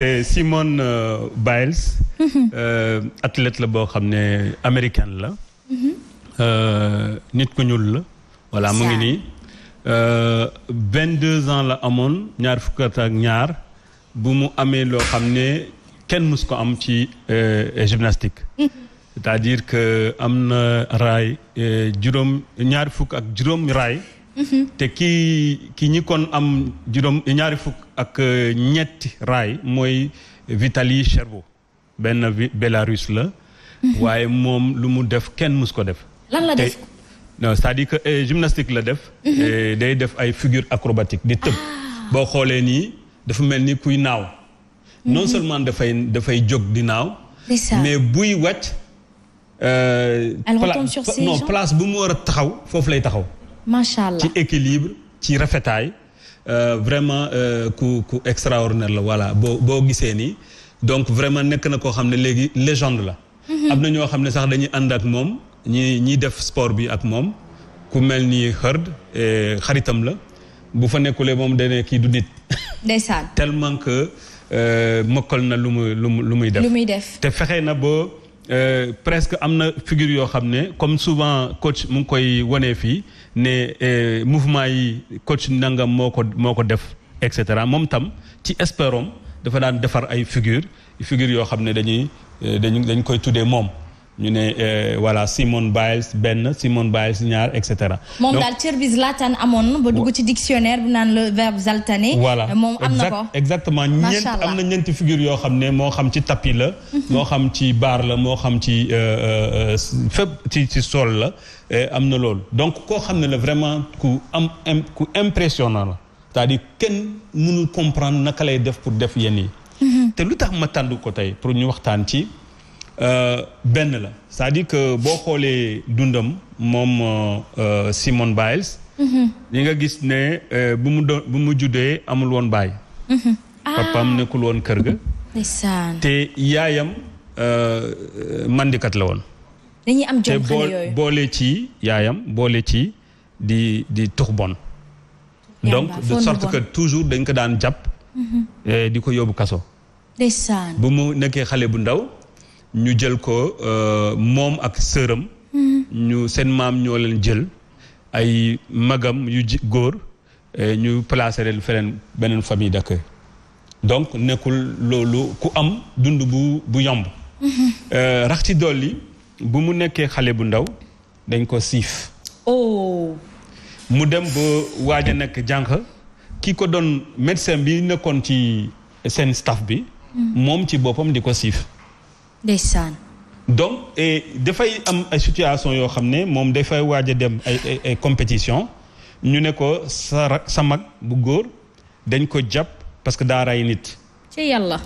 Euh, Simone euh, Biles mhm. euh, athlète la boo xam ne américaine la mhm. nit ku ñuul la voilà mu ngi nii vingt deux ans la amoon ñaar fukk ak ñaar bu mu amee loo xam ne kenn mus ko am ci gymnastique mhm. c'est-à-dire que am na raay juróom ñaar fukk ak juróom raay Mm-hmm. te ki ki ñi kon am juróom ñaari fukk ak euh, ñetti raay mooy Vitali Cherbo benn Bélarus la. Mm-hmm. waaye moom lu mu def kenn mus ko def. lan la def non cest euh, gymnastique la def. Mm-hmm. day def ay figure acrobatique di tëb. Ah. boo xoolee nii dafa mel ni kuy naaw. non seulement dafay dafay jóg di naaw. mais buy wàcc. Euh, elle retombe place bu mu war a taxaw foofu lay taxaw. macha allah ci équilibre ci rafetaay euh, vraiment euh, ku ku extraordinaire la voilà boo boo gisee nii donc vraiment nekk na koo xam ne léegi légende la. Mhm. am na ñoo xam ne sax dañuy ànd ak moom ñi ñiy def sport bi ak moom ku mel ni Heard eh, xaritam la bu fa nekkulee moom dane kii du nit. ndeysaan tellement que euh, mokkal na lu mu lu mu lu muy def. lu muy def te fexee na ba presque am na figure yoo xam ne comme souvent coach mu ngi koy wonee fii. ne eh, mouvement yi coach nangam moo ko moo ko def et cetera moom tam ci espérom dafa daan defar ay figure figure yoo xam ne dañuy dañ eh, dañ koy tuddee moom ñu ne euh, voilà Simone Biles benn Simone Biles ñaar et cetera. moom daal cër bi amoon ba dugg ci dictionnaire bi naan le verbe zaltaner. Euh, moom am na exactement ñeent am na ñeenti figure yoo xam ne moo xam ci tapis la. Mhm. moo xam ci baar la moo xam ci euh, fépp ci ci sol la am na loolu donc koo xam ne la vraiment ku am ku impressionnant la c'est-à-dire kenn mënul comprendre naka lay def pour def yenn yi. Mhm. te lu tax ma tàndu ko tey pour ñu waxtaan ci. Euh, benn la cest di que boo xoolee dundam moom euh, euh, Simone Biles. li mhm. nga gis ne bu mu do bu mu juddee amul woon baay. Mhm. Ah. papaam nekkul woon kër ga. te yaayam mandikat la woon. dañuy am jom te boole ci yaayam boole ci di di tux bon. donc de sorte toujours dañ ko daan jàpp. Mhm. di ko yóbbu kaso. bu mu nekkee xale bu ndaw. ñu jël ko euh, moom ak sëram mm-hmm. ñu seen maam ñoo leen jël ay magam yu góor eh, ñu placé leen feneen beneen famille d'accueil donc nekkul loolu ku am dund bu bu yomb mm-hmm. euh, rax ci dolli bu mu nekkee xale bu ndaw dañ ko siif oh. mu dem ba waaj a nekk jànq ki ko doon médecin bi nekkoon ci seen staff bi mm-hmm. moom ci boppam di ko siif ndeysaan donc dafay am ay situation yoo xam ne moom dafay waaj a dem ay ay compétition ñu ne ko sa sa mag bu góor dañ ko jàpp parce que daa rey nit. ci yàlla.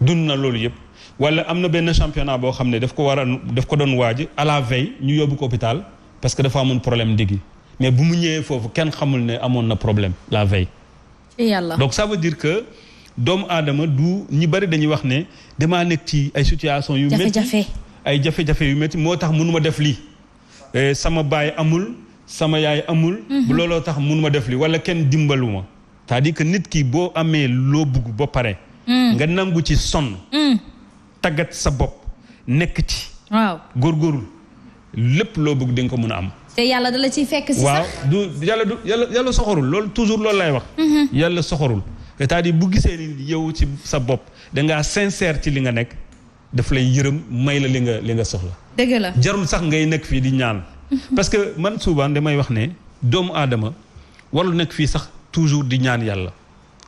dund na loolu yëpp wala am na benn championnat boo xam ne daf ko war a daf ko doon waaj à la veille ñu yóbbu ko hôpital parce que dafa amoon problème ndiggi mais bu mu ñëwee foofu kenn xamul ne amoon na problème la veille. ci yàlla donc ça veut dire que. doomu aadama du ñi bari dañuy wax ne damaa nekk ci ay situation yu métti ay jafe-jafe yu métti moo tax mënuma def lii eh, sama baay amul sama yaay amul bu mhm. looloo tax mënuma def lii wala kenn dimbalu ma cest à que nit ki boo amee loo bugg ba pare mm. nga nangu ci sonn mm. taggat sa bopp nekk ci góor góorul lépp loo bugg di ko mun a am te yàlla dala ci fekk si sax waaw du yàlla du yàlla yàlla soxorul loolu toujours loolu lay wax mhm. yàlla soxorul cest à bu gisee ni yow ci sa bopp dangaa sincère ci li nga nekk daf lay yërëm may la li nga li nga soxla. dëgg la jarul sax ngay nekk fii di ñaan. Mhm. parce que man souvent damay wax ne doomu aadama warul nekk fii sax toujours di ñaan yàlla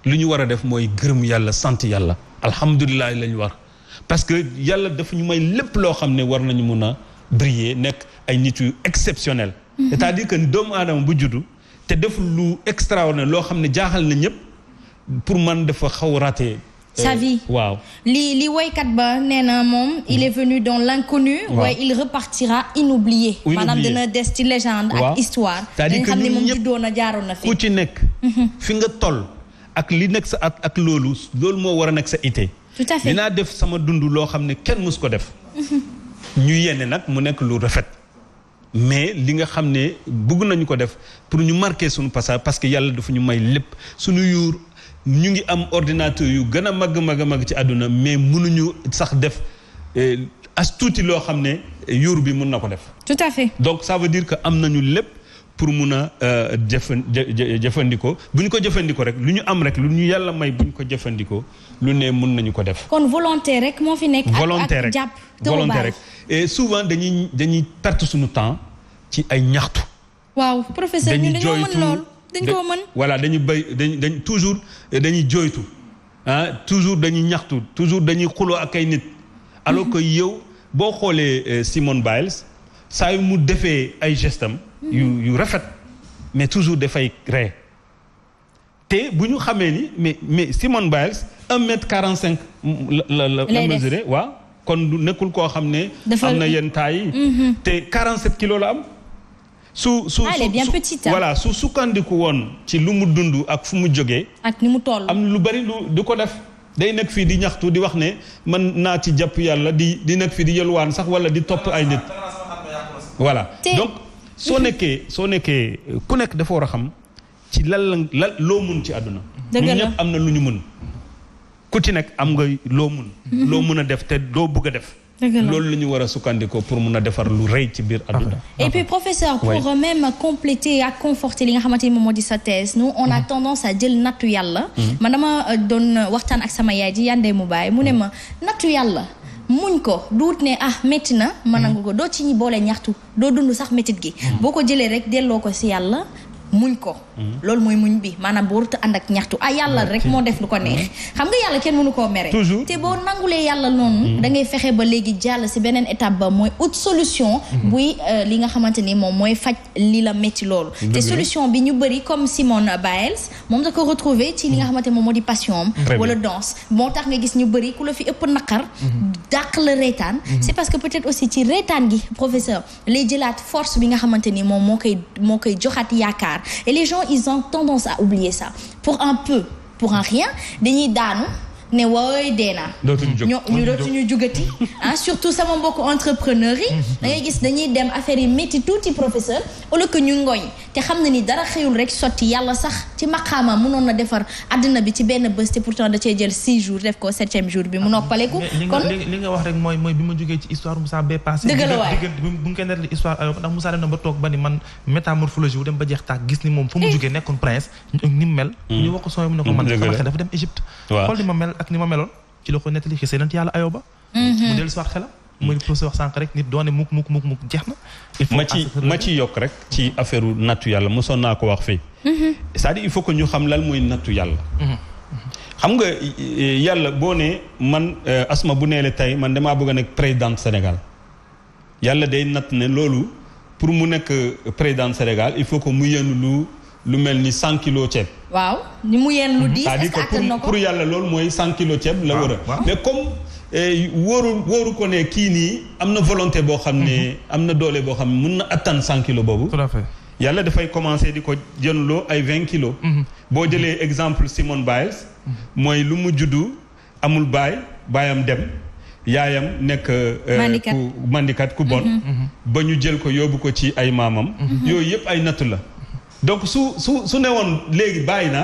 lu ñu war a def mooy gërëm yàlla sant yàlla alhamdulilah lañu war parce que yàlla dafa ñu may lépp loo xam ne war nañu mun a briller nekk ay nit yu exceptionnel mhm. c'est-à-dire doomu aadama bu juddu te def lu extraordinaire loo xam ne jaaxal na ñëpp. pour man dafa xaw raté. sa euh, vie li woykat ba nee na moom il est venu dans l'inconnu waaye il repartira inoublié maanaam dina des ci légende ak histoire dañ xam ne moom juddoon na jaaroon na fi ku ci nekk mhm. fi nga toll ak li nekk sa at ak loolu loolu moo war a nekk sa ité tout naa def sama dund loo xam ne kenn mus ko def mhm. ñu yéene nag mu nekk lu rafet mais li nga xam ne bëgg nañu ko def pour ñu marquer suñu passage parce que yàlla dafa ñu may lépp suñu yuur ñu ngi am ordinateur yu gën a mag mag a mag ci àdduna mais mënuñu sax def eh, as tuuti loo xam ne yuur bi mun na ko def. tout à fait. donc ça veut dire que am nañu lépp pour mun a euh, jëfandikoo bu ñu ko jëfandikoo rek lu ñu am rek lu ñu yàlla may bu ñu ko jëfandikoo lu ne mun nañu ko def. kon volonté rek moo fi nekk. volonté rek jàpp volonté rek souvent dañuy dañuy perte suñu temps ci ay ñaxtu. waaw professeur ñu dañoo mën lool dañ koo mën voilà dañu béy dañ dañ toujours dañuy jooytu ah toujours dañuy ñaxtu toujours dañuy xuloo ak ay nit alors que yow boo xoolee euh, Simone Biles saa yu mu defee ay gestam yu yu rafet mais toujours dafay ree te bu ñu xamee ni mais mais Simone Biles un mètre quarante cinq la la la mesuré kon du nekkul koo xam ne am na yenn taay yi mhm. te quarante sept kilos la am su su ah, su bien su sukkandiku woon ci lu mu dund ak fu mu jógee. ak ni mu toll. am na lu bari lu du ko def day nekk fii di ñaxtu di wax ne man naa ci jàpp yàlla di di nekk fii di yelwaan sax wala di topp ay nit. voilà donc soo nekkee soo nekkee ku nekk dafa war a xam ci lan la loo mun ci àdduna. dëgg ñëpp am na lu ñu mun. ku ci nekk am nga loo mun. Mhm. loo mun a def te doo bugg a def. loolu la ñu war a sukkandiku pour mun a defar lu rëy ci biir àdduna et puis professeur pour oui. même compléter ak conforter li nga xamante ni moom moo di sa thèse nous on a mm-hmm. tendance à jël nattu yàlla mm-hmm. man dama euh, doon waxtaan ak sama yaay ji yandee mu bàyyi mu ne mm-hmm. ma nattu yàlla muñ ko duut ne ah métti na ma nangu ko doo ci ñi boole ñaxtu doo dund sax métit gi boo ko jëlee rek delloo ko si yàlla muñ ko mhm. loolu mooy muñ bi maanaam boo warut ànd ak ñaxtu ah yàlla rek moo def lu ko neex mhm. xam nga yàlla kenn mënu koo mere toujours te boo nangulee yàlla noonu mhm. da ngay fexe ba léegi jàll si beneen étape ba mooy ot solution buy euh, li nga xamante ni moom mooy faj li la métti loolu te solution bi ñu bëri comme Simone Biles moom da ko retrouver ci li nga xamante moom moo di passion wala danse moo tax nga gis ñu bëri ku la fi ëpp naqar dàq la reetaan c'est parce que peut-être aussi ci reetaan gi professeur lay jëlaat force bi nga xamante ni moom moo koy moo koy joxaat yaakaar Et les gens, ils ont tendance à oublier ça. Pour un peu, pour un rien, dañuy daanu. ne wooy dee naa ño ñu dootuñu jugati ah surtout sama mbokk entrepreneur yi mhm. da gis dañuy dem affaire yi métti tuuti professeur au lieu ñu ngooñ te xam na ni dara xëyul rek sotti yàlla sax ci maqaama mënoon defar àddina bi ci benn bés te pourtant da cee jël six jours def ko septième jour bi mu noppaleku li nga wax rek mooy bi ma jógee ci histoire Moussa bee passé dëgg la bu nga koy nettali histoire ayo euh, ndax Moussa dem na ba toog ba ni man métamorphologie ni ma meloon ci la ko nettali ci seenant yàlla ayoba mu mhm. dellu si waat xelam muy pour wax sànq rek nit doone mukk mukk mukk mukk jeex na ma ci ma ci yokk rek u nattu yàlla mosoon naa ko wax fii mhm. c'est-à-dire il faut que ñu xam lan mooy nattu yàlla mhm. xam nga euh, yàlla boo ne man euh, asma bu neele tey man damaa bëgg a nekk président Sénégal yàlla day natt ne loolu pour mu nekk président Sénégal il faut que mu yenu lu lu mel ni cent kilos ceeb. waaw ni mu yenn lu mhm. diis. ko c'est-à-dire pour yàlla loolu mooy cent kilos ceeb. la war a mais comme eh, wóoru ko ne kii nii am na volonté boo xam ne. Mhm. am na doole boo xam ne mën na attan cent kilo boobu. tout à yàlla dafay commencer di ko jënloo ay vingt kilos. Mhm. boo jëlee exemple Simone Biles. mooy lu mu juddu amul baay baayam dem. yaayam nekk euh, mandikat ku bon ba ñu jël ko yóbbu ko ci ay maamam yooyu yëpp ay nattu la donc su su su ne woon léegi bàyyi na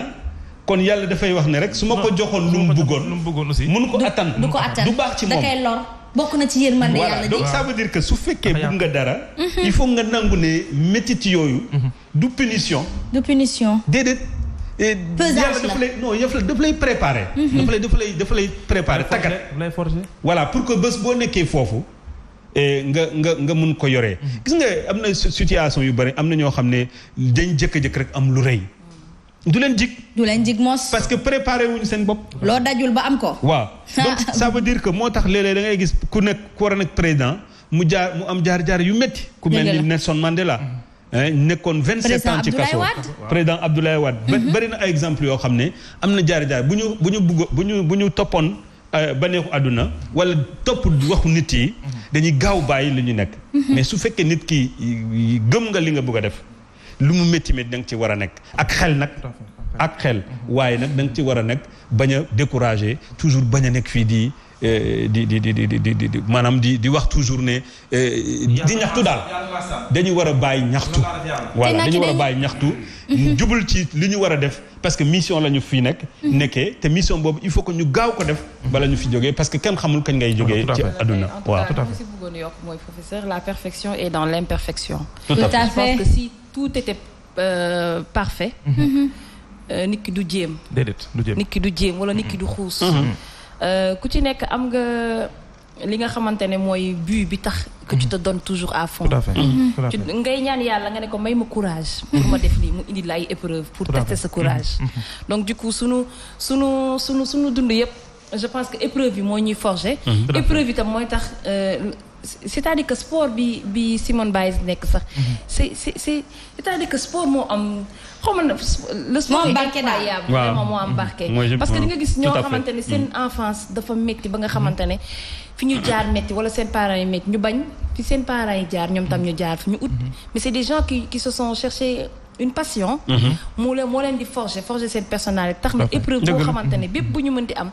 kon yàlla dafay wax ne rek su ma ko joxoon lu mu bëggoon lu mu bëggoon aussi mun ko attan du ko attan du baax ci moom da koy bokk na ci yërmande yàlla donc ça veut dire que su fekkee bëgg nga dara mhm. il faut nga nangu ne métit yooyu mhm. du punition du punition déedéet yàlla dafa lay non yëf la dafa lay préparer mhm. dafa lay dafa lay dafa lay préparer tàggat voilà pour que bés boo nekkee foofu Eh, nga nga nga mun ko yore mhm. gis nga am na situation yu bëri am na ñoo xam ne dañ jëkk-jëkk rek am lu rëy du leen jig du leen jig mos parce que préparé seen bopp loo dajul ba am ko waaw donc ça veut dire que moo tax léeg-léeg da ngay gis ku nekk ku war a nekk président mu jaar mu am jaar-jaar yu métti ku mel ni Nelson Mandela mhm. nekkoon vingt sept ans ci kaso président Abdoulaye Wade bëri mhm. na exemple yoo xam ne am na jaar-jaar bu ñu bu ñu bugg bu ñu bu ñu toppoon Euh, baneexu àdduna wala topp waxu nit yi dañuy gaaw bàyyi li ñu nekk mais su fekkee nit ki gëm nga li nga bëgg a def lu mu métti métti da nga ci war a nekk ak xel nag ak xel waaye nag da nga ci war a nekk bañ a découragé toujours bañ a nekk fii di Eh, di di di di di maanaam di di wax toujours ne. Eh, di ñaxtu daal dañu war a bàyyi ñaxtu. voilà dañu war bàyyi ñaxtu. jubal ci li ñu war a def parce que mission la ñu nekk. Mhm. nekkee te mission boobu il faut que ñu gaaw ko def. bala ñu fi jógee parce que kenn xamul kañ ngay jógee. ci àdduna waaw tout à fait la perfection dans l'imperfection. tout à fait parce que si tout était euh, parfait. Mhm. Euh, nit ki du jéem. déedéet du jéem nit ki du jéem wala nit ki du xuus. Mhm. Euh, ku ci nekk am nga li nga xamante ne mooy but bi tax que ci te donnes toujours à fond mm-hmm. ngay ñaan yàlla nga ne ko may ma courage pour ma def lii mu indi la ay épreuve pour tester sa courage mm-hmm. Mm-hmm. donc du coup sunu sunu sunu sunu dund yëpp je pense que épreuve yi moo ñuy forger épreuve yi tam mooy tax euh, c'est-à-dire que sport bi bi Simone Biles nekk sax. Mhm. c'est c'est c'est c'est-à-dire que sport moo am xaw ma le sport est incroyable vraiment moo am mhm. barke parce que di nga gis ñoo xamante ne seen mhm. enfance dafa métti ba nga xamante ne fi ñu jaar métti wala seen parents yi métti ñu bañ fi seen parents yi jaar ñoom tam ñu jaar fi ñu ut. mais c'est des gens qui se sont cherchés une passion. moo leen moo leen di forger forger seen personnalité tax na épreuve boo xamante ne bépp bu ñu mën di am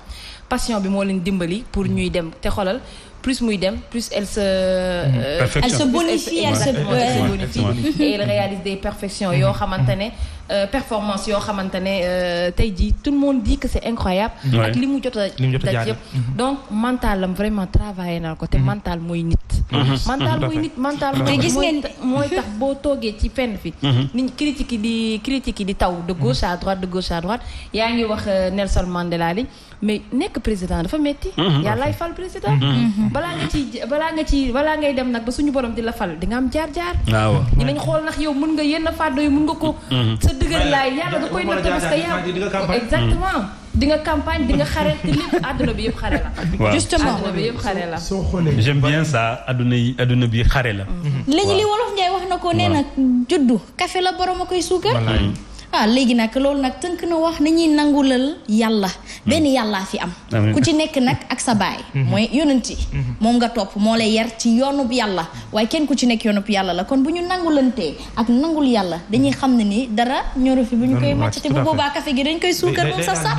passion bi moo leen dimbali pour ñuy dem te xolal plus muy dem plus elle se. Mhm. Euh, elle se bonifie elle se bonifie. et elle réalise des perfections mhm. yoo xamante ne. Euh, performance yoo xamante ne euh, tey jii tu le monde dit que c'est incroyable. ak li mu jot a daj yëpp mhm. donc mentalam vraiment travaillé na ko te mhm. mental mooy nit. Mhm. mental mooy nit mental mooy gis ngeen mooy tax boo toogee ci fenn fi. ni critique yi di critique yi taw de gauche à droite de gauche yaa ngi wax euh, Nelson Mandela li mais nekk président dafa metti yàllaay fal président. balaa nga ci balaa nga ci balaa ngay dem nag ba suñu borom di la fal di nga am jaar jaar. Ah waaw dinañ xool ndax yow mën nga yenn fàddo yi nga ko. dëgër laay yàlla da koy natt parce que yàlla exactement hmm. di nga campagne di xare te lépp àdduna bi yëpp xare la. justement àdduna bien ça àdduna yi àdduna bi xare la. Hmm. waaw li wolof Ndiaye wax na ko nee juddu café la borom a koy suukar. ah léegi nag loolu nag tënk na wax ni nañuy nangulal yàlla benn hmm. yàllaa fi am ku ci nekk nag ak sa baay hmm. mooy yonent yi hmm. moom nga topp moo la yar ci yoonub yàlla waaye kenn ku ci nekk yoonub yàlla la kon bu ñu nangulantee ak nangul yàlla dañuy xam ne ni dara ñoro fi bu ñu koy màcc te bu boobaa café gi dañ koy suukar moom sax sax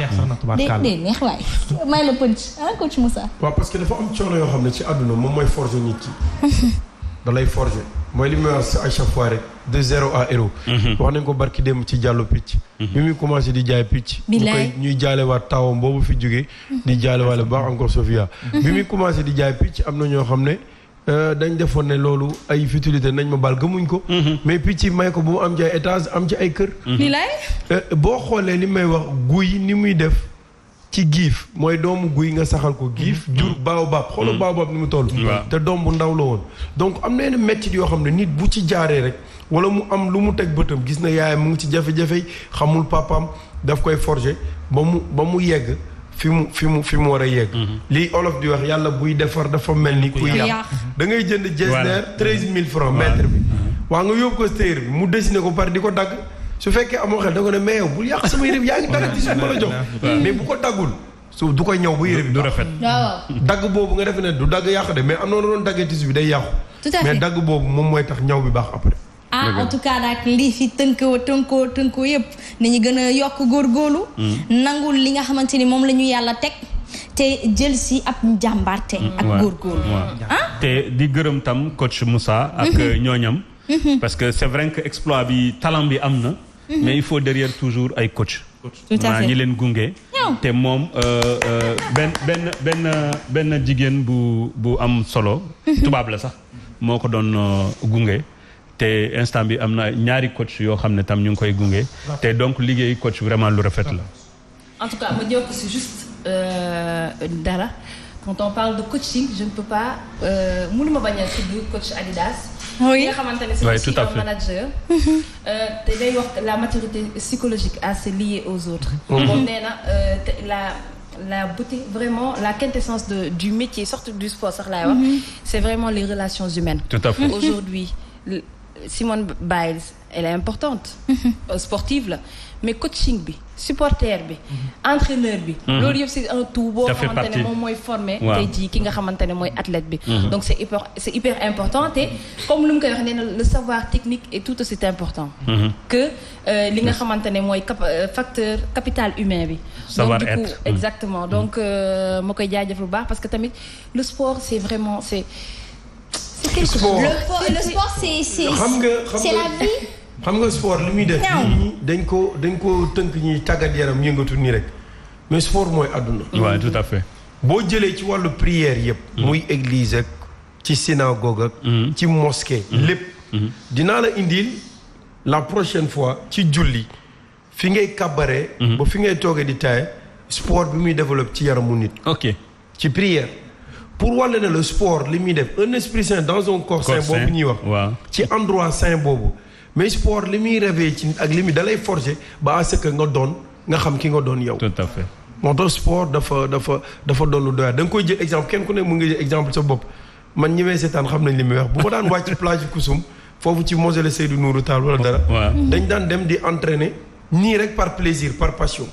de de neex waay may la pënc ah coach Moussa waaw parce que dafa am coono yoo xam ne ci àdduna moom mooy forger nit ki da lay mooy li muy wax à chaque fois rek de zéro à héros. Mhm. wax nañ ko barki dem ci jàllu picc. Mhm. bi muy commencé di jaay picc. ñu koy ñuy jaalewaat taawam boobu fi jógee. di jaalewaale baax encore Sofia. Mhm. bi muy commencé di jaay picc am na ñoo xam ne. Euh, dañ defoon ne loolu ay futilité nañ ma baal gëmuñ ko. mais picc yi may ko bu mu am ci ay étage am ci ay kër. Euh, boo xoolee li may wax guy ni muy def. ci giif mooy doomu guy nga saxal ko giif mm-hmm. jur baobab xoolal mm-hmm. baobab ni mu toll mm-hmm. te doom bu ndaw la woon donc am na yenn méttit yoo xam ne nit bu ci jaaree rek wala mu am lu mu teg bëtam gis na yaay mu ngi ci jafe-jafe xamul papaam daf koy forge ba mu ba mu yegg fi mu fi mu fi mu war a yegg lii olof di wax yàlla buy defar dafa mel ni ku yàq da ngay jënd jesner treize mille francs mètre bi waa nga yóbbu ko stéer bi mu dessiné ko par di ko dagg su fekkee amoo xel da ko ne mais yow bul yàq sama yére bi yaa ngi dara ci suuf ma la jox mais bu ko daggul su du koy ñëw bu yére bi du rafet dagg boobu nga defe ne du dagg yàqu de mais am noonu doon daggee tissu bi day yàqu mais dagg boobu moom mooy tax ñaw bi baax après ah en tout cas daal lii fi tënkoo tënkoo tënkoo yëpp nañu gën a yokk góor góorgóorlu mm. nangul li nga xamante ni moom la ñu yàlla teg te jël si ab njàmbarte mm, ak góorgóorlu ah te di gërëm tam coach Moussa ak mm-hmm. euh, ñooñam mm-hmm. parce que c'est vrai que exploit bi talent bi am na Mhm. mais il faut derrière toujours ay coach. maa ñi leen gunge. te moom euh, euh, benn benn jigéen bu bu am solo. Mhm. tubaab la sax moo ko doon euh, gunge. te instant bi am na ñaari coach yoo xam ne tam ñu ngi koy gunge. te donc liggéey coach vraiment lu rafet la. en tout cas ma jël ko si juste dara quand on parle de coaching je ne peux pas mënuma bañ a tudd coach Adidas. oui nga xamante ne c'est aussi un manager. Euh, te day wax la maturité psychologique à se lier aux autres. moom mm-hmm. nee na euh, la la beauté vraiment la quintessence de du métier surtout du sport sax laay wax. Mm-hmm. c'est vraiment les relations humaines. tout à fait aujourd'hui. Simone Biles elle est importante euh, sportive la mais coaching bi supporter bi mhm. entraîneur bi mhm. loolu yëpp c'est un tout boo xamante ne moom mooy formé tey jii ki nga xamante mooy athlète bi mhm. donc c'est hyper c'est important te comme lu mu koy wax nee le savoir technique est tout aussi important que euh, li nga xamante mooy euh, facteur capital humain bi donc du coup exactement donc ma koy jaajëf bu baax parce que tamit le sport c'est vraiment c'est c'est quelque chose le sport c'est c'est la vie. xam nga sport li muy def. ñaw dañ ko dañ ko tënk ñuy tàggat yaram yëngatu nii rek mais sport mooy àdduna. waaw tout à boo jëlee ci wàllu prière yëpp. Mm. muy église ak ci synagogue ak. Mm. ci mosquée mm. lépp. dinaa la indil la prochaine fois ci julli fi ngay kabaree. ba fi ngay toogee di taay sport bi muy développe ci yaramu nit. ok ci prière. pour wàlle ne le sport li muy def un esprit sain dans un corps sain boobu ñuy wax ci endroit sain boobu mais sport li muy rêvé ci ak li muy dalay forger ba à ce nga doon nga xam ki nga doon yow moo tax sport dafa dafa dafa doon lu doyaat da nga koy jël exemple kenn ku ne mu ngi jël exemple sa bopp man ñi may seetaan xam nañ li muy wax bu ma daan wàcc plage Koussoum foofu ci mosele Seydou Nourou Tall wala dara dañ daan dem di entraîner nii rek par plaisir par passion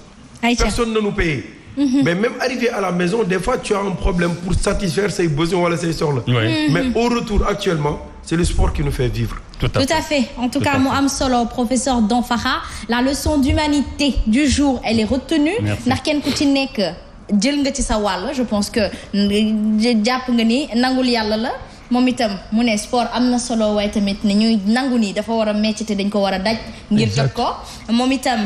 personne ne nous paye Mhm. mais même arrivé à la maison des fois tu as un problème pour satisfaire say besoins wala say soxla. Mhm. mais au retour actuellement c'est le sport qui nous fait vivre. tout à fait, en tout, cas mu am solo professeur Danfara la leçon d'humanité du jour est retenue. ndax ku ci nekk jël nga ci sa wàll je pense que jàpp nga ni nangul yàlla la. moom itam mu ne sport am na solo waaye tamit ne ñuy nangu nii dafa war a metti dañ ko war a daj. ngir jot ko moom itam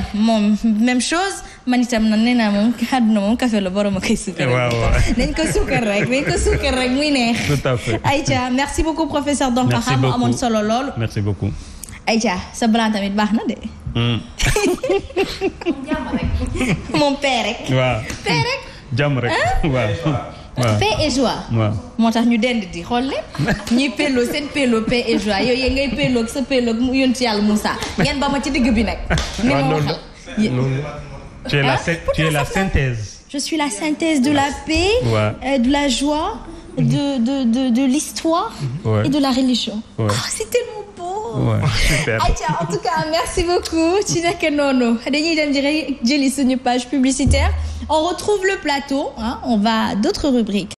même chose. man itam na ne naa moom àdduna moom café la borom a koy suukar. Eh, rek nañ ko suukar rek muy neex. tout à fait Aïcha merci beaucoup professeur Donka xam mu amoon solo lool. merci beaucoup. Aïcha sa blanc tamit baax na de. Hmm. moom paix rek. waaw paix rek. jàmm rek waaw. waaw joie. moo tax ñu dend di xool lépp. ñuy pello seen pello paix et joie yooyu ngay pello sa pello mu yonti yàlla Moussa ngeen ba ma ci digg bi nag. ni ma waxal Tu la, tu es la synthèse. Je suis la synthèse de la paix, ouais. euh, de la joie, mm -hmm. de, l'histoire mhm. et de la religion. Ouais. Oh, c'est tellement beau. Ah, tout cas, merci beaucoup. Chinaka Nono. Dañuy dem jëli suñu page publicitaire. On retrouve le plateau. on va d'autres rubriques.